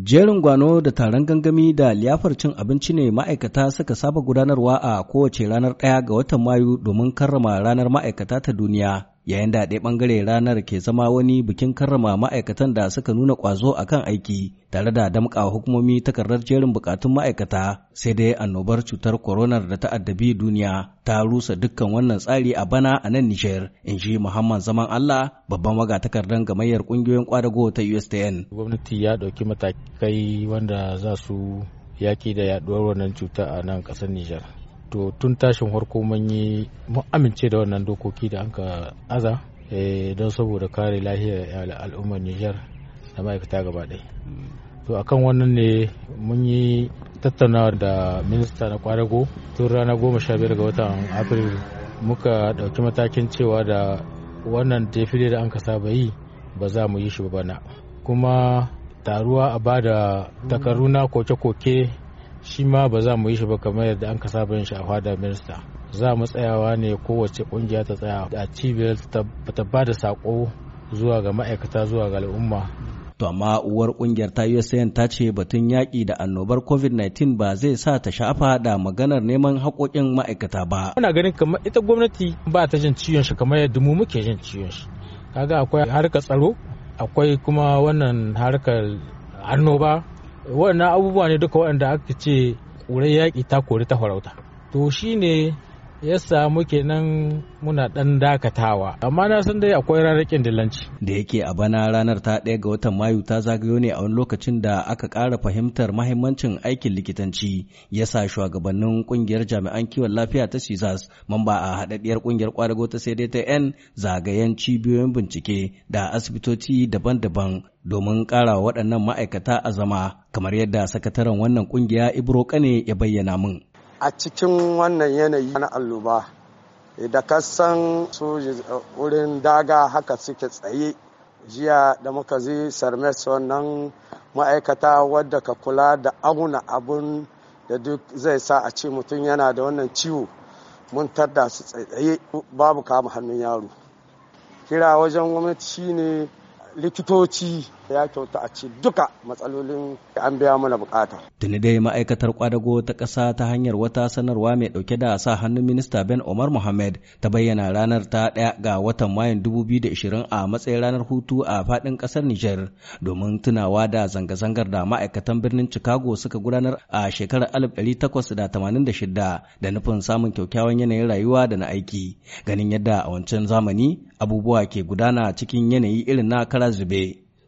Jerin gwano da taron gangami da liyafar cin abinci ne ma'aikata suka saba gudanarwa a kowace ranar ɗaya ga watan Mayu domin karrama ranar ma'aikata ta duniya. yayin da ɗaya ɓangare ranar ke zama wani bikin karrama ma'aikatan da suka nuna ƙwazo a kan aiki tare da damƙa hukumomi takardar jerin bukatun ma'aikata sai dai annobar cutar koronar da ta'addabi duniya ta rusa dukkan wannan tsari a bana a nan Nijar in ji Muhammad Zaman Allah babban takardar gamayyar ƙungiyoyin ƙwadago ta USTN. Gwamnati ya ɗauki matakai wanda za su yaƙi da yaɗuwar wannan cuta a nan ƙasar Nijar. wato tun tashin harko mun yi mun amince da wannan dokoki da anka aza eh, don saboda kare lahiyar al'ummar Nijar da ma'aikata gaba ɗaya. Mm. To akan wannan ne mun yi tattaunawa da minista na kwadago tun rana goma sha biyar ga watan Afrilu muka ɗauki matakin cewa da wannan tefile da an ka saba yi ba za mu yi shi bana kuma taruwa a ba da takaruna koke-koke shi ma ba za mu yi shi ba kamar yadda an kasa bayan shi a fada minista za mu tsayawa ne kowace kungiya ta tsaya a cibiyar ta ba da sako zuwa ga ma'aikata zuwa ga al'umma to amma uwar kungiyar ta USAN ta ce batun yaƙi da annobar COVID-19 ba zai sa ta shafa da maganar neman haƙoƙin ma'aikata ba. Muna ganin kamar ita gwamnati ba ta jin ciwon shi kamar yadda mu muke jin ciwon shi. Kaga akwai harkar tsaro, akwai kuma wannan harkar annoba waɗannan abubuwa ne duka waɗanda aka ce wurin yaƙi ta kori ta farauta to shine yasa muke nan muna dan dakatawa amma na san dai akwai rarrakin dilanci da yake a bana ranar ta ɗaya ga watan mayu ta zagayo ne a wani lokacin da aka ƙara fahimtar mahimmancin aikin likitanci yasa sa shugabannin kungiyar jami'an kiwon lafiya ta sizas mamba a haɗaɗɗiyar kungiyar kwadago ta sai ta yan zagayen cibiyoyin bincike da asibitoci daban-daban domin ƙara waɗannan ma'aikata azama, kamar yadda sakataren wannan kungiya ibro kane ya bayyana min a cikin wannan yanayi na alluba da ka san soji eh, wurin daga haka suke tsaye jiya da muka zi sarmes wannan ma'aikata wadda ka kula da auna abun da duk zai sa a ce mutum yana da wannan ciwo mun tarda su tsaye babu kama hannun yaro kira wajen gwamnati ne likitoci ya kyauta a ce duka matsalolin an biya mana bukata. Tuni dai ma'aikatar kwadago ta ƙasa ta hanyar wata sanarwa mai ɗauke da sa hannun minista Ben Omar Mohamed ta bayyana ranar ta ɗaya ga watan Mayun 2020 a matsayin ranar hutu a faɗin ƙasar Nijar domin tunawa da zanga-zangar da ma'aikatan birnin Chicago suka gudanar a shekarar 1886 da nufin samun kyakkyawan yanayin rayuwa da na aiki ganin yadda a wancan zamani abubuwa ke gudana cikin yanayi irin na kara zube.